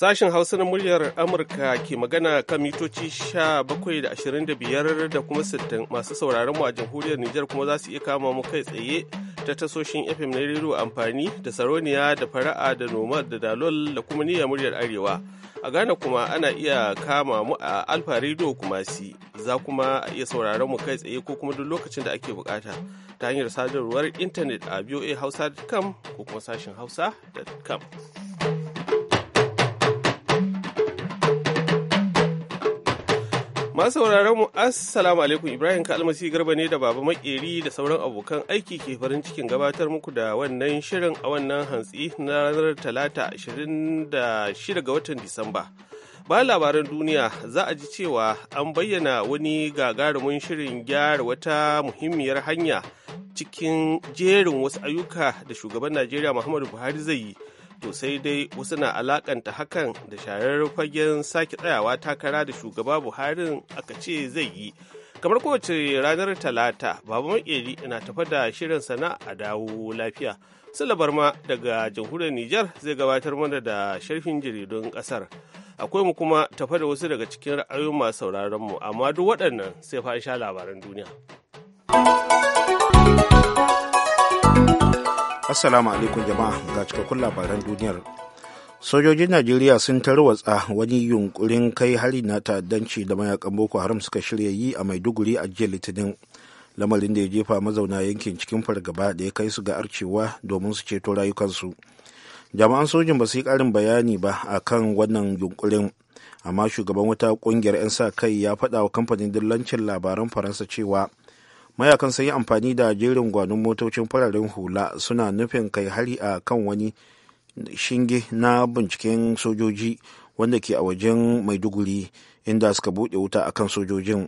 Sashen Hausa na muryar Amurka ke magana kan mitoci 17.25 da kuma 60 masu sauraron mu a jamhuriyar Nijar kuma za su iya kama mu kai tsaye ta tasoshin FM na rero amfani da Saroniya da Fara'a da Nomad da Dalol da kuma niyyar muryar Arewa. A Ghana kuma ana iya kama mu a Alfa Radio kuma si za kuma a iya sauraron mu kai tsaye ko kuma duk lokacin da ake bukata ta hanyar sadarwar intanet a voahausa.com ko kuma sashen hausa.com. Masu sauraron mu assalamu alaikum Ibrahim Kalmasi Garba ne da Baba Makeri da sauran abokan aiki ke farin cikin gabatar muku da wannan shirin a wannan hantsi na ranar Talata 26 ga watan Disamba. Ba labaran duniya za a ji cewa an bayyana wani gagarumin shirin gyara wata muhimmiyar hanya cikin jerin wasu ayyuka da shugaban Najeriya Muhammadu Buhari zai yi. to sai dai wasu na alakanta hakan da sharar fagen sake tsayawa takara da shugaba buharin aka ce zai yi kamar kowace ranar talata Babu makeri na tafa da shirin sana a dawo lafiya silabar ma daga jamhuriyar Nijar zai gabatar mana da sharfin jaridun kasar akwai mu kuma tafa da wasu daga cikin ra'ayoyin masu sauraron mu amma duk waɗannan sai fa sha labaran duniya Assalamu alaikum jama'a ga cikakkun labaran duniyar. Sojojin Najeriya sun tarwatsa wani yunkurin kai hari na ta'addanci da mayakan Boko Haram suka shirya yi a Maiduguri a jiya Litinin. Lamarin da ya jefa mazauna yankin cikin fargaba da ya kai su ga arcewa domin su ceto rayukansu. Jama'an sojin ba su yi ƙarin bayani ba a kan wannan yunkurin. Amma shugaban wata ƙungiyar 'yan sa kai ya faɗa wa kamfanin dillancin labaran Faransa cewa mayakan sun yi amfani da jerin gwanon motocin fararen hula suna nufin kai hari a kan wani shinge na binciken sojoji wanda ke a wajen maiduguri inda suka buɗe wuta a kan sojojin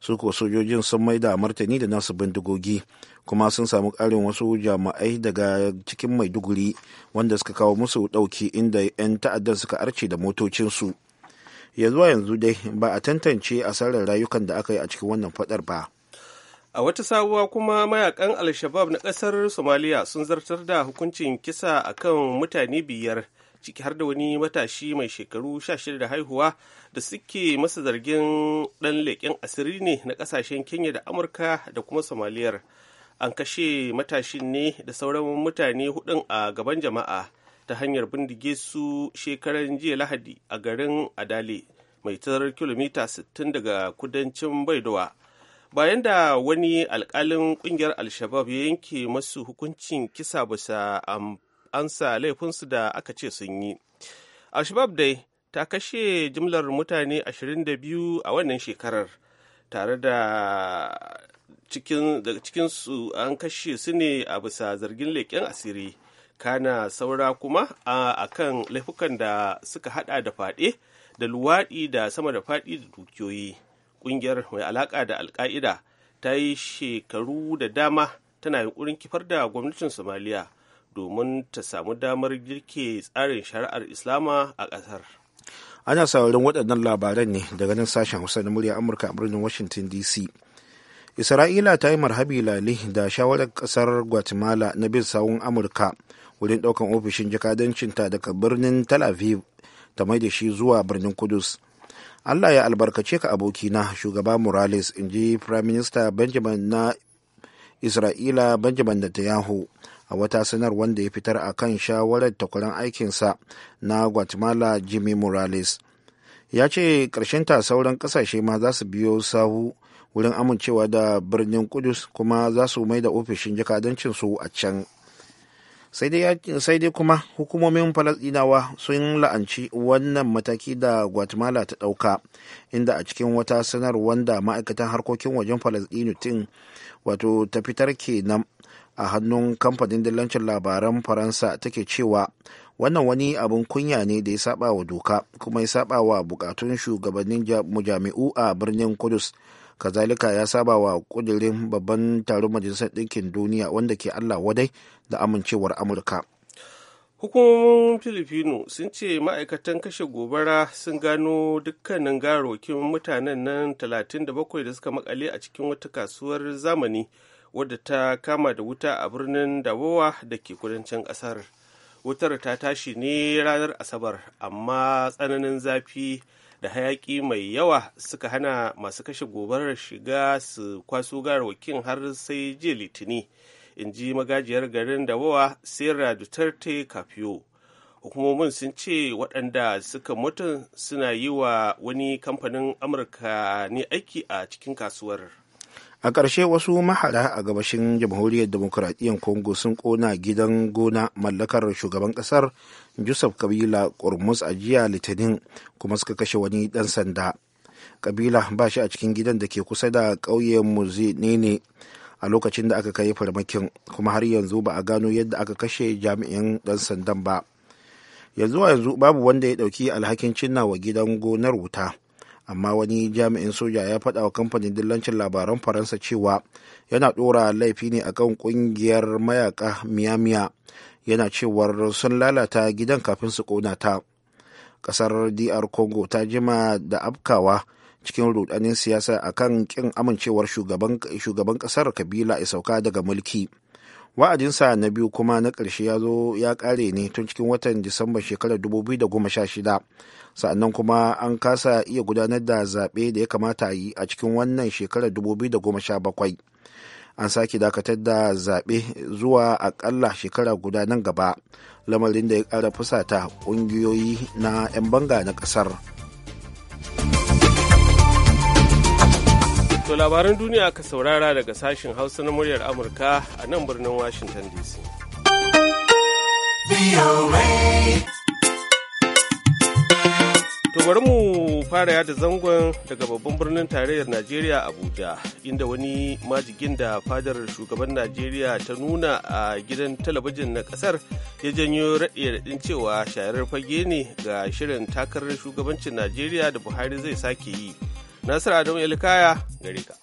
su ko sojojin sun mai da martani da nasu bindigogi kuma sun samu ƙarin wasu jama'ai daga cikin maiduguri wanda suka kawo musu ɗauki inda 'yan ta'addan suka arce da motocinsu yanzu yanzu dai ba a tantance asarar rayukan da aka yi a cikin wannan faɗar ba a wata sabuwa kuma mayakan al-shabab na ƙasar Somalia sun zartar da hukuncin kisa a kan mutane biyar ciki har da wani matashi mai shekaru 16 da haihuwa da suke masa zargin dan leƙen asiri ne na ƙasashen kenya da amurka da kuma somaliyar an kashe matashin ne da sauran mutane hudun a gaban jama'a ta hanyar bindige su shekaran jiya lahadi a garin adale mai tarar kilomita 60 daga kudancin baidowa bayan da wani alkalin kungiyar alshabab ya yanke masu hukuncin kisa bisa ansa laifinsu da aka ce sun yi alshabab dai ta kashe jimlar mutane 22 a wannan shekarar tare da cikinsu an kashe su ne a bisa zargin leƙen asiri kana saura kuma a kan laifukan da suka hada da fade da luwaɗi da sama da faɗi da dukiyoyi kungiyar mai alaka da alka'ida ta yi shekaru da dama tana yunkurin kifar da gwamnatin somaliya domin ta samu damar girke tsarin shari'ar islama a ƙasar ana saurin waɗannan labaran ne daga nan sashen hausa na murya amurka a birnin washington dc isra'ila ta yi marhabi lali da shawarar kasar guatemala na bin sawun amurka wurin daukan ofishin jakadancinta daga birnin tel aviv ta mai da shi zuwa birnin kudus Allah ya albarkace ka abokina shugaba Morales in ji Prime Minister Benjamin na Isra'ila Benjamin Netanyahu a wata sanar wanda ya fitar a kan shawarar takwaran aikinsa na Guatemala Jimmy Morales. Ya ce ta sauran ƙasashe ma za su biyo sahu wurin amincewa da birnin Kudus kuma za su mai da ofishin jakadancinsu a can. sai dai kuma hukumomin falasdinawa sun la'anci wannan mataki da guatemala ta ɗauka inda a cikin wata sanarwar da ma'aikatan harkokin wajen falasdinu tin wato ta fitar kenan a hannun kamfanin dillancin labaran faransa take cewa wannan wani abin kunya ne da ya saba wa doka kuma ya saba wa bukatun shugabannin mujami'u a birnin kudus kazalika ya saba wa kudirin babban taron majalisar ɗinkin duniya wanda ke allah wadai da amincewar amurka hukumomin filifino sun ce ma'aikatan kashe gobara sun gano dukkanin garokin mutanen nan 37 da suka makale a cikin wata kasuwar zamani wadda ta kama da wuta a birnin dawowa da ke kudancin kasar wutar ta tashi ne ranar asabar amma tsananin zafi da hayaki mai yawa suka hana masu kashe gobarar shiga su kwaso garwakin har sai jiya litini in ji magajiyar garin da wawa sera duterte kafiyo hukumomin sun ce waɗanda suka mutu suna yi wa wani kamfanin amurka ne aiki a cikin kasuwar a ƙarshe wasu mahara a gabashin jamhuriyar demokuraɗiyyar congo sun ƙona gidan gona mallakar shugaban ƙasar joseph kabila kurmus a jiya litinin kuma suka kashe wani ɗan sanda kabila ba shi a cikin gidan da ke kusa da ƙauyen muzi ne a lokacin da aka kai farmakin kuma har yanzu ba a gano yadda aka kashe jami'in ɗan sandan ba yanzu yanzu babu wanda ya ɗauki alhakin cinna wa gidan gonar wuta amma wani jami'in soja ya faɗa wa kamfanin dillancin labaran faransa cewa yana ɗora laifi ne akan ƙungiyar mayaka miyamiya yana cewar sun lalata gidan kafin su ƙona ta ƙasar dr congo ta jima da afkawa cikin rudanin siyasa akan ƙin amincewar shugaban ƙasar kabila ya sauka daga mulki wa'adinsa na biyu kuma na ƙarshe ya zo ya ƙare ne tun cikin watan disamba shekarar 2016 sa'annan kuma an kasa iya gudanar da zaɓe da ya kamata a yi a cikin wannan shekarar 2017 an sake dakatar da zaɓe zuwa aƙalla shekara guda nan gaba lamarin da ya ƙara fusata ƙungiyoyi na 'yan banga na ƙasar. To labaran duniya ka saurara daga sashen Hausa na muryar Amurka a nan birnin Washington DC. To bari mu fara yada zangon daga babban birnin tarayyar Najeriya Abuja, inda wani majigin da fadar shugaban Najeriya ta nuna a gidan talabijin na kasar ya janyo raɗe-raɗin cewa shayarar fage ne ga shirin takarar shugabancin Najeriya da Buhari zai sake yi. Nasiru Adamu Elikaya gari ka.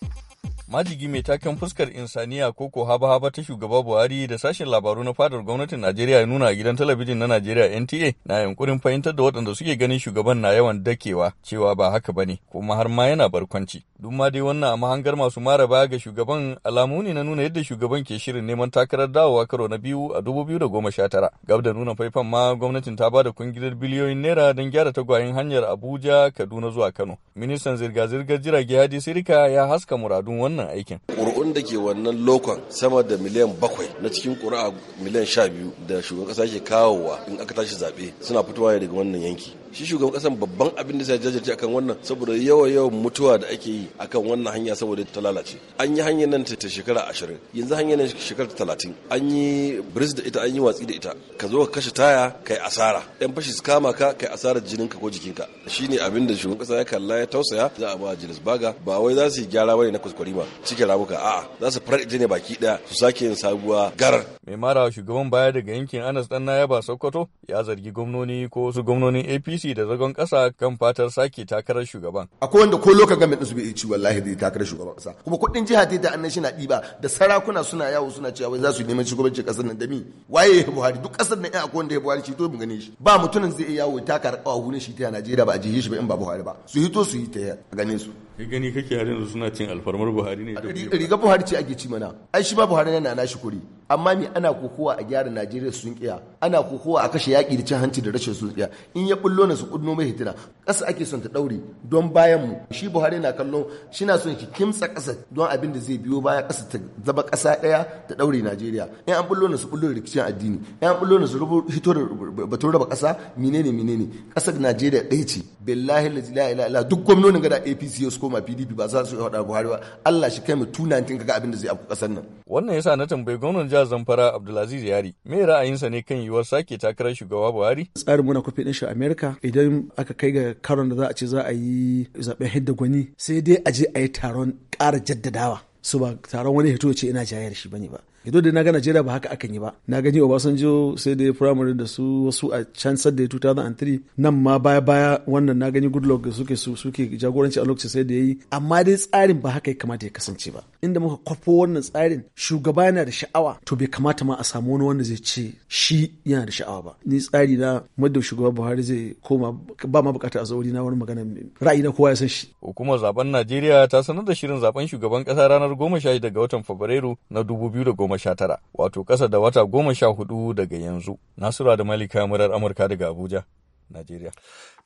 majigi mai taken fuskar insaniya ko ko haba-haba ta shugaba buhari da sashen labaru na fadar gwamnatin najeriya ya nuna a gidan talabijin na najeriya nta na yankurin fahimtar da waɗanda suke ganin shugaban na yawan dakewa cewa ba haka bane kuma har ma yana barkwanci duk ma dai wannan a mahangar masu mara baya ga shugaban alamu ne na nuna yadda shugaban ke shirin neman takarar dawowa karo na biyu a dubu biyu da goma sha tara gab da nuna faifan ma gwamnatin ta ba da biliyoyin naira don gyara tagwayen hanyar abuja kaduna zuwa kano ministan zirga-zirgar jirage hadi sirika ya haska muradun wannan wannan aikin. Ƙuri'un da ke wannan lokon sama da miliyan bakwai na cikin ƙuri'a miliyan sha biyu da shugaban ƙasa ke kawowa in aka tashi zaɓe suna fitowa ne daga wannan yanki. shi shugaban kasan babban abin da zai jajirce akan wannan saboda yawa yawan mutuwa da ake yi akan wannan hanya saboda ta lalace an yi hanyar nan ta shekara ashirin yanzu hanyar nan shekara talatin an yi biris da ita an yi watsi da ita ka zo ka kashe taya kai asara yan fashi su kama ka kai asarar ka ko jikin jikinka shine abin da shugaban kasa ya kalla ya tausaya za a ba jilis baga ba wai za su yi gyara bane na kuskure ma cike ramuka a'a za su farar ne baki daya su sake yin sabuwa garar mai mara shugaban baya daga yankin Anas Danna ya ba Sokoto ya zargi gwamnoni ko wasu gwamnonin APC APC da zagon ƙasa kan fatar sake takarar shugaban. Akwai wanda ko loka gamin su bai ci wallahi zai takarar shugaban ƙasa. Kuma kuɗin jiha ta ta annashi na ɗiba da sarakuna suna yawo suna cewa wai za su neman shugabancin ƙasar nan da mi. Waye ya Buhari duk ƙasar nan akwai wanda ya Buhari shi to mu gane shi. Ba mutumin zai iya yawo takarar ƙawa shi ta Najeriya ba a jihe shi ba in ba Buhari ba. Su hito su yi ta gane su. ya gani kake har yanzu suna cin alfarmar buhari ne riga buhari ce ake ci mana ai shi ba buhari na nashi kuri amma me ana kokowa a gyara najeriya sun kiya ana kokowa a kashe yaƙi da cin hanci da rashin sun in ya bullo na su kudno mai hitina ƙasa ake son ta ɗaure don bayan mu shi buhari na kallon shi na son ki kimtsa ƙasa don abin da zai biyo baya ƙasa ta zama ƙasa ɗaya ta ɗaure najeriya in an bullo na su bullo rikicin addini in an bullo na su hito da batun raba ƙasa menene menene ƙasar najeriya ɗaya ce billahi la ilaha illa duk gwamnonin gada apc ya koma pdp ba za su yi hada buhari ba allah shi kai mu 219 kaga abin da zai afku kasar nan wannan yasa na tambayi gwamnan jihar zamfara abdulaziz yari me ra'ayinsa ne kan yiwuwar sake takarar shugaba buhari tsarin muna kwafi din shi america idan aka kai ga karon da za a ce za a yi zaben hidda gwani sai dai a je a yi taron ƙara jaddadawa su ba taron wani hito ce ina jayar shi ne ba Ido eh, da naga ga Najeriya ba haka akan yi ba. Na gani Obasanjo sai da firamare da su wasu a can sadda 2003 nan ma baya baya wannan na gani Goodluck da suke su suke jagoranci a lokacin sai da yayi amma dai tsarin ba haka ya kamata ya kasance ba. Inda muka kwafo wannan tsarin shugaba yana da sha'awa to bai kamata ma a samu wani wanda zai ce shi yana da sha'awa ba. Ni tsari na muddin shugaba Buhari zai koma ba ma bukatar a zauri na wani magana ra'ayi na kowa ya san shi. Hukumar zaben Najeriya ta sanar da shirin zaben shugaban kasa ranar goma sha daga watan Fabrairu na 2010 tara wato ƙasa da wata goma sha hudu daga yanzu nasiru da malika murar amurka daga abuja Nigeria.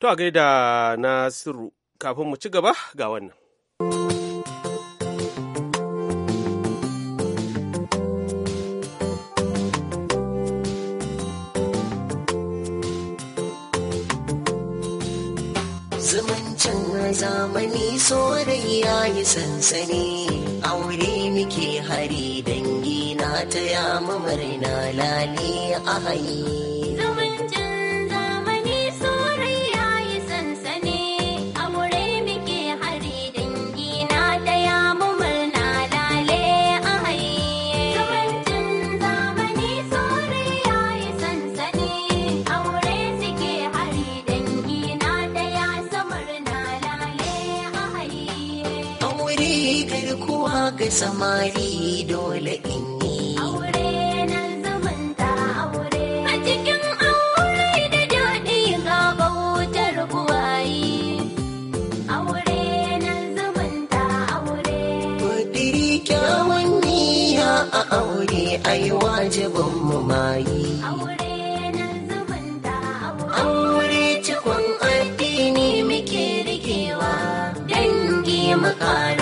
to a gaida nasiru kafin mu ci gaba ga wannan zamani so da yi sansani aure muke hari dangi na taya mu murna lali a hayi samari dole in yi. Aure na zumunta aure. A cikin aure da daɗi ga bautar buwayi. Aure na zumunta aure. Kudiri kyawun niyya a aure yi wajibin mu mayi. Aure. Aure cikon addini muke rikewa dangi makara.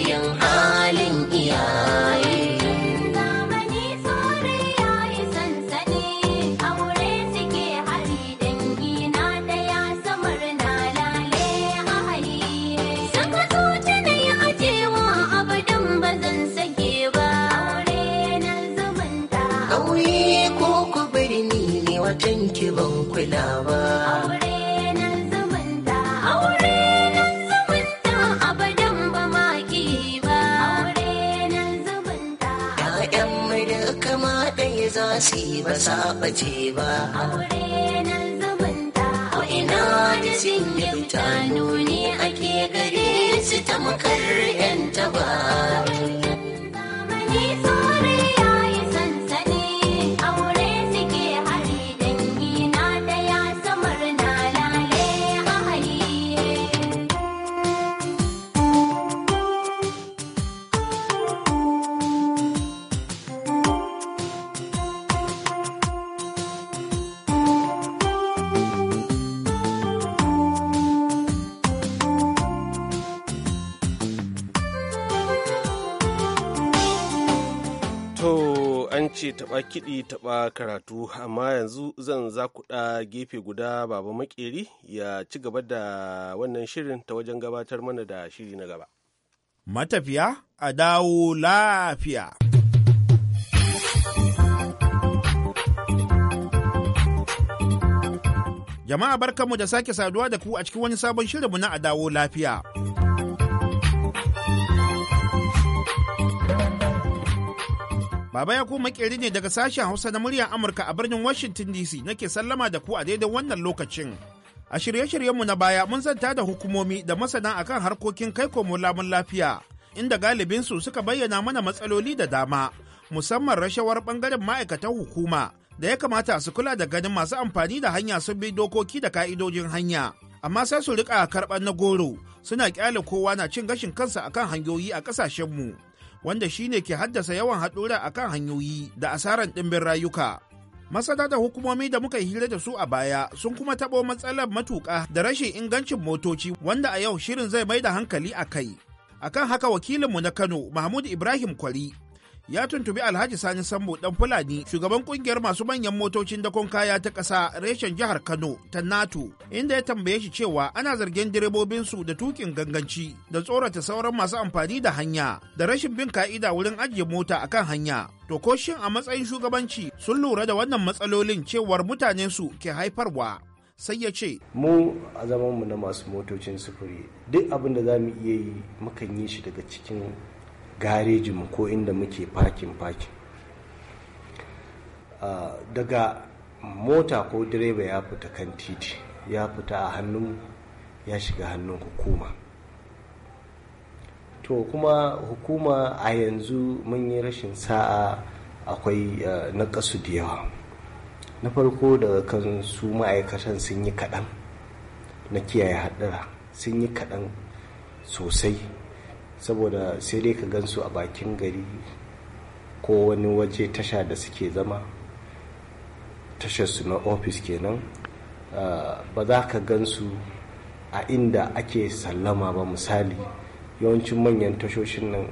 you. saba ba. Aure na zumunta ina da cinyar ta nuni ake gare su tamkar 'yan taba. ce taɓa kiɗi taɓa karatu amma yanzu zan za ku zakuɗa gefe guda baba makeri ya ci gaba da wannan shirin ta wajen gabatar mana da shiri na gaba. Matafiya a dawo lafiya. Jama'a barkanmu da sake saduwa da ku a cikin wani sabon shirinmu na a dawo lafiya. Baba ya ku makeri ne daga sashen Hausa na muryar Amurka a birnin Washington DC nake sallama da ku a daidai wannan lokacin. A shirye-shiryenmu na baya mun zanta da hukumomi da masana akan harkokin kai komo lamun lafiya, inda galibinsu suka bayyana mana matsaloli da dama, musamman rashawar bangaren ma'aikatan hukuma da ya kamata su kula da ganin masu amfani da hanya sun bi dokoki da ka'idojin hanya. amma sai su rika karɓar na goro suna ƙyale kowa na cin gashin kansa akan hanyoyi a ƙasashenmu wanda shine ke haddasa yawan haɗura a kan hanyoyi da asarar ɗimbin rayuka. Masana da hukumomi da muka hira da su a baya sun kuma taɓo matsalar matuƙa da rashin ingancin motoci wanda a yau shirin zai mai da hankali a kai. Akan haka wakilinmu na Kano Mahmud Ibrahim Kwari ya tuntubi Alhaji Sani Sambo dan Fulani shugaban kungiyar masu manyan motocin dakon kaya ta ƙasa reshen jihar Kano ta NATO inda ya tambaye shi cewa ana zargin direbobin su da tukin ganganci da tsorata sauran masu amfani da hanya da rashin bin ka'ida wurin ajiye mota akan hanya to ko shin a matsayin shugabanci sun lura da wannan matsalolin cewar mutane su ke haifarwa sai ya ce mu a mu na masu motocin sufuri duk abin da za mu iya yi mukan yi shi daga cikin garejinmu ko inda muke fakin fakin ah, daga mota ko direba ya fita kan titi ya fita a hannun ya shiga hannun hukuma to kuma hukuma a yanzu mun yi rashin sa'a akwai ah, na kasu da yawa na farko daga kan su ma'aikatan sun yi kaɗan na kiyaye haɗura sun yi kaɗan sosai saboda sai dai ka gan su a bakin gari ko wani waje tasha da suke zama tasharsu na ofis kenan ba za ka gan su a inda ake sallama ba misali yawancin manyan tashoshin nan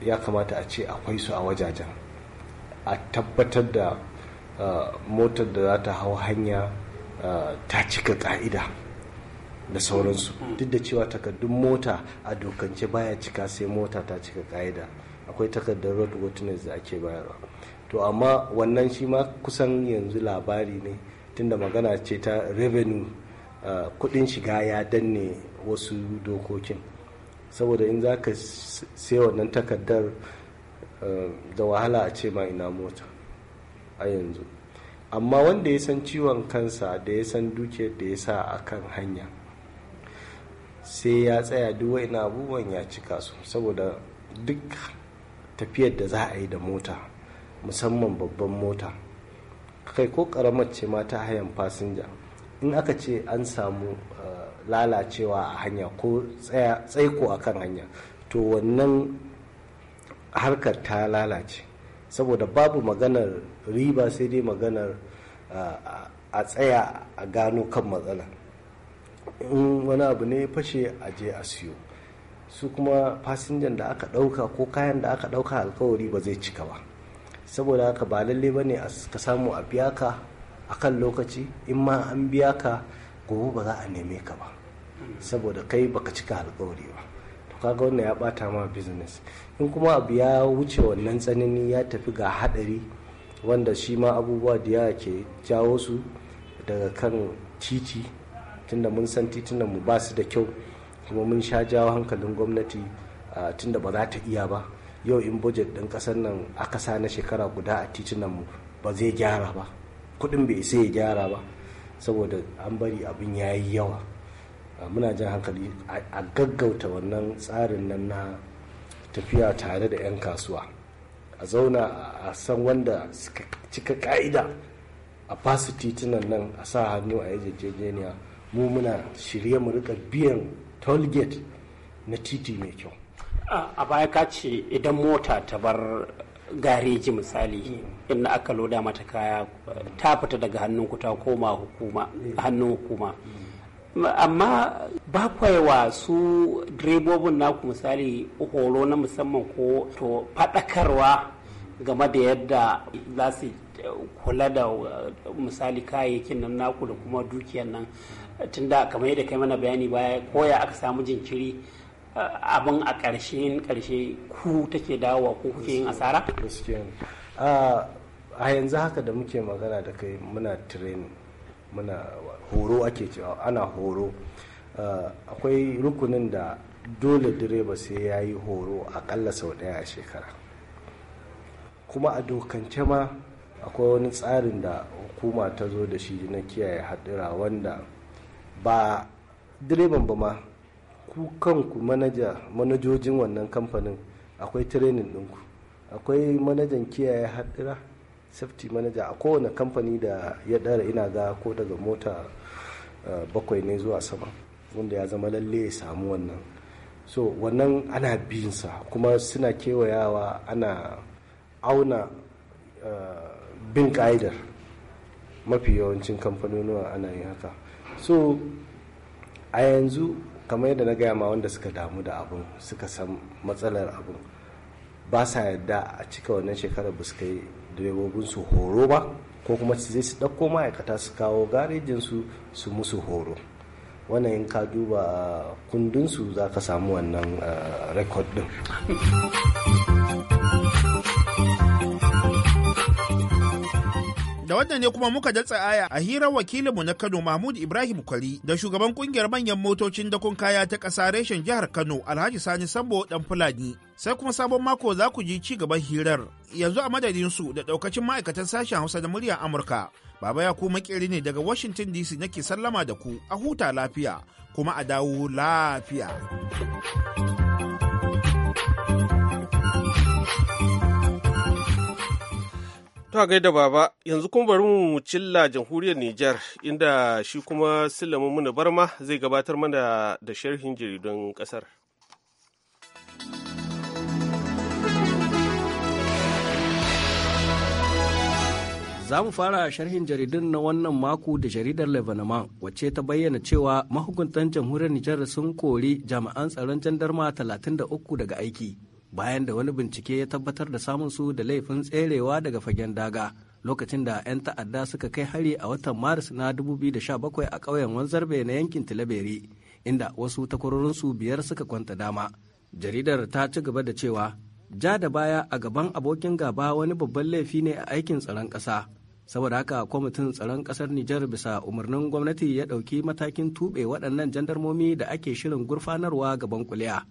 ya kamata a ce akwai su a wajajen a tabbatar da motar da za ta hau hanya ta cika ka'ida da sauransu duk da cewa takardun mota a dokance baya cika sai mota ta cika ka'ida akwai takardar road witness da ake bayarwa to amma wannan shi ma kusan yanzu labari ne tunda magana ce ta revenue kudin shiga ya danne wasu dokokin saboda in za ka sai wannan takardar da wahala a ce ma ina mota a yanzu amma wanda ya san ciwon kansa da ya san dukiyar da ya sa a kan hanya sai ya tsaya duk na abubuwan ya cika su saboda duk tafiyar da za a yi da mota musamman babban mota kai ko karamar ce ma ta hayan fasinja in aka ce an samu eh, lalacewa a hanya ko tsaiko a kan hanya to wannan harkar ta lalace saboda babu maganar riba sai dai maganar eh, a tsaya a gano kan matsalar in wani abu ne fashe a je a siyo su kuma fasinjan da aka ɗauka ko kayan da aka ɗauka alkawari ba zai cika ba saboda haka ba lalle ba ne ka samu a biya ka a kan lokaci in ma an biya ka gobe ba za a neme ka ba saboda kai baka cika alkawari ba to kaga wannan ya bata ma business in kuma abu ya wuce wannan tsanani ya tafi ga hadari wanda shi ma abubuwa da yawa ke jawo su daga kan titi tunda mun san titunan mu ba su da kyau kuma mun sha jawo hankalin gwamnati tunda ba za ta iya ba yau in budget ɗin ƙasar nan aka sa na shekara guda a titunan mu ba zai gyara ba kuɗin bai sai ya gyara ba saboda an bari abin ya yi yawa muna jan hankali a gaggauta wannan tsarin nan na tafiya tare da 'yan kasuwa a zauna a san wanda suka cika ka'ida a fasu titunan nan a sa hannu a yi yarjejeniya mu muna shirye mu rika biyan toll gate na titi mai kyau a baya ka ce idan mota ta bar gareji misali ina aka loda mata kaya ta fita daga hannun ku ta koma hukuma hannun hukuma amma ba wa su direbobin naku misali horo na musamman ko to faɗakarwa game da yadda za su kula da misali kayayyakin nan naku da kuma dukiyar nan tun da kamar yadda kai mana bayani baya koya aka samu jinkiri eh, abin a ƙarshen ƙarshe ku take dawowa ko kuke yin asara ah, a yanzu haka da muke magana da kai muna training muna horo ake cewa ana horo ah, akwai rukunin da dole direba sai ya yi horo akalla sau ɗaya a shekara kuma a dokance ma akwai wani tsarin da hukuma ta zo da shi na kiyaye haɗura wanda ba direban ba ma ku kanku manaja manajojin wannan kamfanin akwai training ɗinku akwai manajan kiyaye haɗira safety manager a kowane kamfani da ya ɗara ina ga ko daga mota eh, bakwai ne zuwa sama wanda ya zama lalle ya samu wannan so wannan ana biyinsa kuma suna kewayawa ana auna eh, bin ƙa'idar mafi yawancin kamfanonuwa ana yin haka so a yanzu kamar yadda na gaya ma wanda suka damu da abin suka san matsalar abin ba sa yadda a cika wannan shekarar ba su kai su horo ba ko kuma su zai su ɗauko ma'aikata su kawo garejinsu su musu horo wannan in ka duba kundinsu za ka samu wannan eh, rekod ɗin wannan ne kuma muka datsa aya a hirar wakilinmu na Kano Mahmud Ibrahim Kwari da shugaban kungiyar manyan motocin dakon kaya ta ƙasa reshen jihar Kano Alhaji Sani Sambo dan Fulani. Sai kuma sabon mako za ku ji ci gaban hirar. Yanzu a madadin su da daukacin ma'aikatan sashen Hausa da muryar Amurka. Baba ya ku makeri ne daga Washington DC nake sallama da ku a huta lafiya kuma a dawo lafiya. To gaida baba yanzu kuma bari mu cilla jamhuriyar Nijar inda shi kuma Sulaiman Muna Barma zai gabatar mana da sharhin jaridun kasar. Za mu fara sharhin jaridun na wannan mako da jaridar Lebanama wacce ta bayyana cewa mahukuntan jamhuriyar Nijar sun kori jami'an tsaron jandarma 33 daga aiki. bayan da wani bincike ya tabbatar da samun su da laifin tserewa daga fagen daga lokacin da 'yan ta'adda suka kai hari a watan maris na 2017 a ƙauyen wanzarbe na yankin tilaberi inda wasu takwarorinsu biyar suka kwanta dama jaridar ta ci gaba da cewa ja da baya a gaban abokin gaba wani babban laifi ne a aikin tsaron ƙasa saboda haka kwamitin tsaron ƙasar Nijar bisa umarnin gwamnati ya ɗauki matakin tuɓe waɗannan jandarmomi da ake shirin gurfanarwa gaban kuliya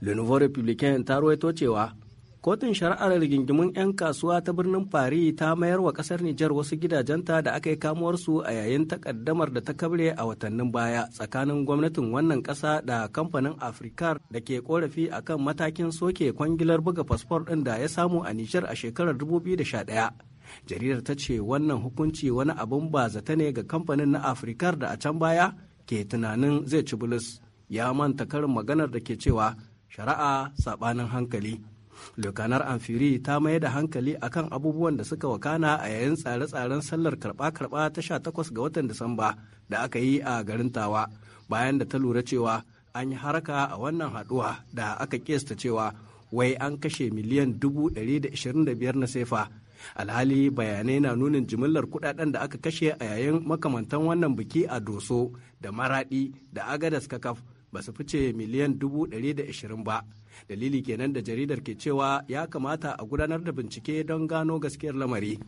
Lenovo Republican ta ruwaito cewa kotun shari'ar rigingimun 'yan kasuwa ta birnin Paris ta mayar wa kasar Nijar wasu gidajenta da aka yi kamuwarsu a yayin takaddamar da ta kabre a watannin baya tsakanin gwamnatin wannan kasa da kamfanin Afrikar da ke korafi akan matakin soke kwangilar buga fasfor ɗin da ya samu a Nijar a shekarar 2011. jaridar ta ce wannan hukunci wani abin ba zata ne ga kamfanin na afrikar da a can baya ke tunanin zai ci bulus ya manta karin maganar da ke cewa shari'a saɓanin hankali lokanar amfiri ta mayar da hankali akan abubuwan da suka wakana a yayin tsare-tsaren sallar karɓa-karɓa ta 18 ga watan disamba da aka yi a garin tawa bayan da ta lura cewa an yi haraka a wannan haɗuwa da aka kesta cewa wai an kashe miliyan 125 na sefa alhali bayanai na nunin jimillar kudaden da aka kashe a yayin makamantan wannan biki a doso da maradi da agadas kakaf ba su fice miliyan dubu da ashirin ba dalili kenan da jaridar ke cewa ya kamata a gudanar da bincike don gano gaskiyar lamari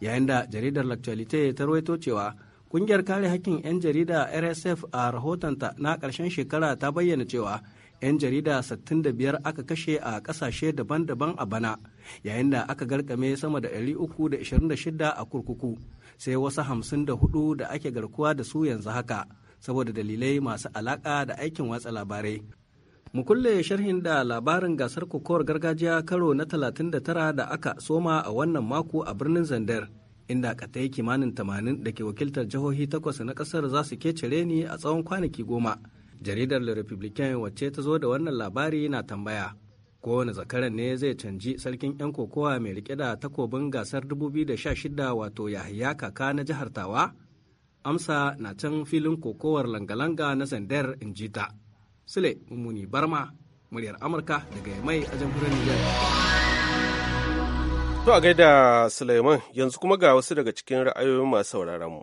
yayin da jaridar l'actualité ta rawaito cewa kungiyar kare hakkin 'yan jarida rsf a rahotonta na karshen shekara ta bayyana cewa 'yan jarida 65 aka kashe a ƙasashe daban-daban a bana yayin da aka garkame sama da 326 a kurkuku sai wasu 54 da ake garkuwa da su yanzu haka saboda dalilai masu alaƙa da aikin watsa labarai. Mu kulle sharhin da labarin gasar kokowar gargajiya karo na 39 da aka soma a wannan mako a birnin Zandar, inda katai kimanin 80 da ke wakiltar jihohi takwas na ƙasar za su kecere ni a tsawon kwanaki goma. Jaridar Le Republican wacce ta zo da wannan labari na tambaya. kowane zakaran ne zai canji sarkin 'yan kokowa mai rike da takobin gasar 2016 wato yahaya kaka na jihar tawa amsa na can filin kokowar langalanga na sandar in ji sule mummuni barma muryar amurka daga mai a jamhuriyar niger to a gaida suleiman yanzu kuma ga wasu daga cikin ra'ayoyin masu sauraron mu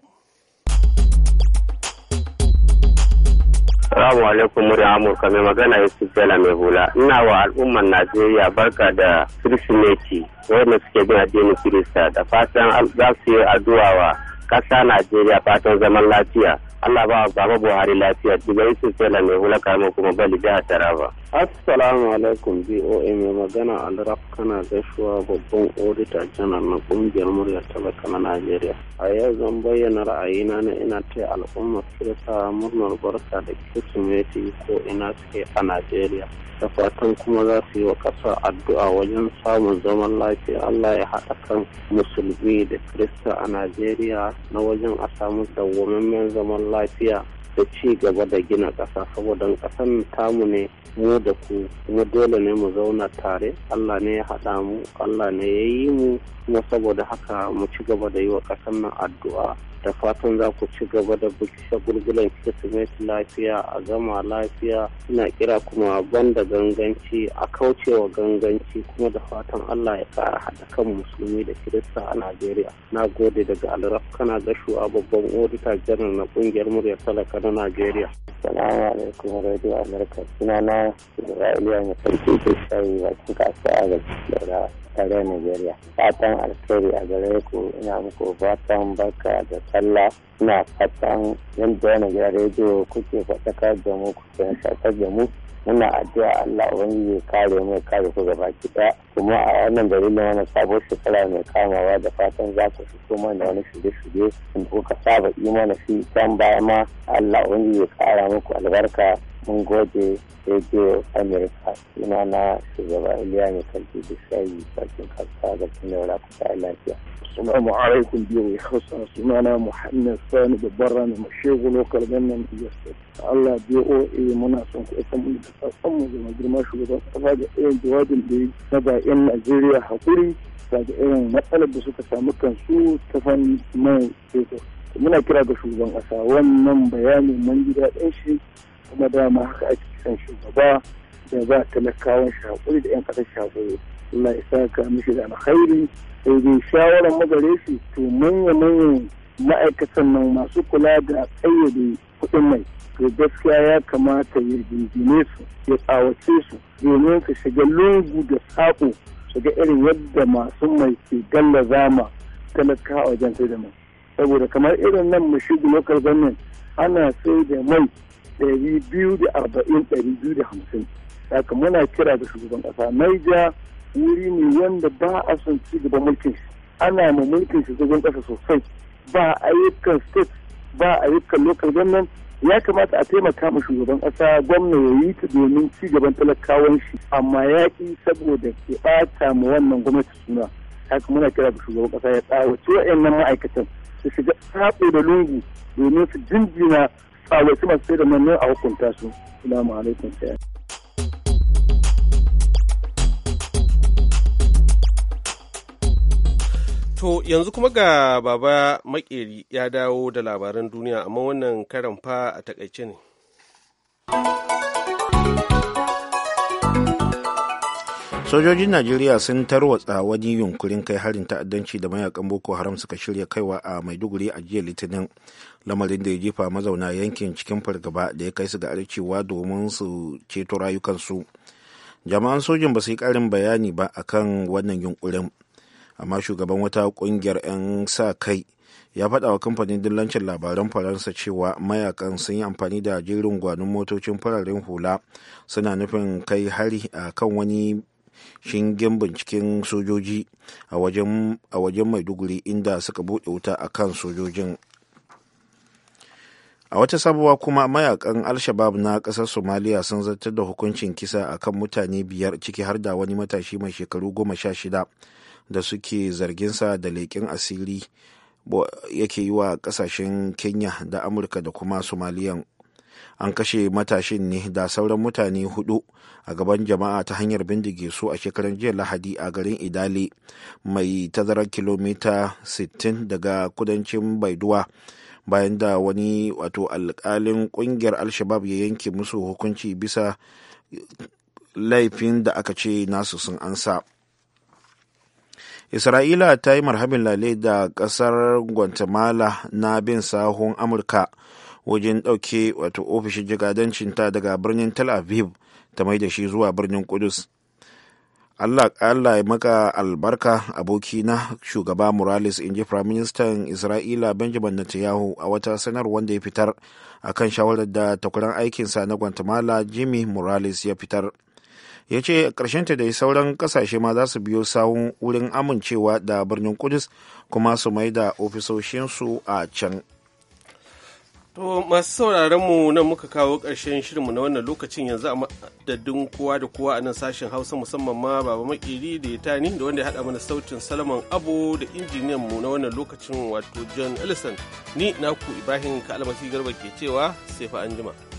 Assalamu alaikum murya Amurka mai magana Yusuf Jala mai hula. Ina wa al'ummar Najeriya barka da Kirsimeti wanda suke bin addinin Kirista da fatan za su yi addu'a wa ƙasa Najeriya fatan zaman lafiya. Allah ba baba Buhari lafiya dubai su tsela mai hula kame kuma bali da Taraba. Assalamu alaikum BOA mai magana Alraf kana gaishuwa babban auditor janar na kungiyar muryar talaka na Najeriya. A yau zan bayyana ra'ayina na ina taya al'ummar Kirista murnar barka da Kirsimeti ko ina suke a Najeriya. Da fatan kuma za su yi wa ƙasa addu'a wajen samun zaman lafiya Allah ya haɗa kan musulmi da Kirista a Najeriya na wajen a samu dawwamammen zaman lafiya da ci gaba da gina ƙasa saboda ƙasan tamu ne mu da ku kuma dole ne mu zauna tare allah ne ya haɗa mu allah ne ya yi mu kuma saboda haka mu ci gaba da yi wa ƙasan nan addu'a da fatan za ku ci gaba da bukisa gulgulan kirsimeti lafiya a gama lafiya ina kira kuma banda ganganci a kaucewa ganganci kuma da fatan allah ya kara haɗa kan musulmi da kirista a najeriya na gode daga alraf kana gashuwa babban odita janar na kungiyar murya talaka na najeriya Salamu alaikum radio America suna na mai sarki ke shayi a ga daura tare Nigeria. Fatan alkhairi a gare ku ina muku fatan barka da sallah na fatan yan jana gidan rediyo kuke faɗaka da mu kuke shafar da mu muna addu'a Allah wani ya kare mu ya kare ku gaba ki ɗaya kuma a wannan gari na mana sabon shekara mai kamawa da fatan za ka fito mana wani shirye-shirye in ka saba imana mana shi can baya ma Allah wani ya kara muku albarka mun gode rediyo amerika suna na shugaba iliya mai kalfi da shayi bakin kasuwa ga tunaura kusa lafiya Assalamu alaikum biyu Hausa na Muhammad Sani babban rami mashegu na government district. Allah BOA muna son ku isa mun da sassan mu girma shugaban kasa da irin jawabin da na ba 'yan najeriya haƙuri daga irin matsalar da suka samu kansu ta fannin mai fetur muna kira ga shugaban ƙasa wannan bayani mun ji daɗin shi kuma dama haka ake son shugaba da ba talakawan shi da 'yan ƙasar shakuri. Allah ya saka mishi da alkhairi sai dai shawarar magare shi to manya-manyan ma'aikatan nan masu kula da ƙayyade kuɗin mai to gaskiya ya kamata ya jinjine su ya tsawace su domin su shiga lungu da saƙo su ga irin yadda masu mai ke gallaza zama. talaka a wajen sai da mai saboda kamar irin nan mashigu lokal gwamnan ana sai da mai ɗari biyu da arba'in ɗari biyu da hamsin saka muna kira da shugaban ƙasa naija wuri ne wanda ba a son ci gaba mulkin shi ana ma mulkin shi zagon ƙasa sosai ba ayyukan state ba ayyukan local government ya kamata a taimaka mu shugaban ƙasa gwamna ya yi ta domin ci gaban talakawan shi amma ya ƙi saboda ke ɓata mu wannan gwamnati suna haka muna kira ga shugaban ƙasa ya tsawace wa'annan ma'aikatan su shiga saɓo da lungu domin su jinjina tsawace masu sai da a hukunta su. Assalamu alaikum. To yanzu kuma ga baba makeri ya dawo da labaran duniya amma wannan karan fa a takaice ne. Sojojin Najeriya sun tarwatsa wani yunkurin kai harin ta'addanci da mayakan Boko Haram suka shirya kaiwa a Maiduguri a jiya Litinin, lamarin da ya jefa mazauna yankin cikin fargaba da ya kai su ga arcewa domin su ceto rayukansu. Jama'an sojin ba su yi ƙarin bayani ba akan wannan yunkurin. amma shugaban wata kungiyar 'yan sa kai ya faɗa wa kamfanin dillancin labaran faransa cewa mayakan sun yi amfani da jerin gwanin motocin fararen hula suna nufin kai hari a kan wani shingen binciken sojoji a wajen maiduguri inda suka buɗe wuta a kan sojojin a wata sabuwa kuma mayakan alshabab na ƙasar somaliya sun zartar da hukuncin kisa a kan mutane biyar ciki har da wani matashi mai shekaru goma sha shida da suke zargin sa da leƙen asiri yake yi wa ƙasashen kenya da amurka da kuma somaliyan an kashe matashin ne da sauran mutane hudu a gaban jama'a ta hanyar bindige su a shekaran jiya lahadi a garin idali mai tazarar kilomita 60 daga kudancin baiduwa bayan da wani wato alkalin kungiyar alshabab ya yanke musu hukunci bisa laifin da aka ce nasu sun ansa isra'ila ta yi marhabin lale da kasar guatemala na bin sahun amurka wajen ɗauke wato ofishin jigadancinta daga birnin tel aviv ta mai da shi zuwa birnin kudus allah allah ya maka albarka abokina shugaba morales in ji prime isra'ila benjamin netanyahu a wata sanar wanda ya fitar akan shawarar da takwaran aikinsa na guatemala jimmy morales ya fitar ya ce ta da sauran ƙasashe ma za su biyo sawun wurin amincewa da birnin kudus kuma su mai da ofisoshinsu a can To masu sauraron mu nan muka kawo ƙarshen shirinmu na wannan lokacin yanzu a madadin kowa da kowa a nan sashen Hausa musamman ma Baba Makeri da ya tani da wanda ya haɗa mana sautin salman abu da injiniyan mu na wannan lokacin wato John Ellison ni naku Ibrahim Kalmasi Garba ke cewa sai fa anjima.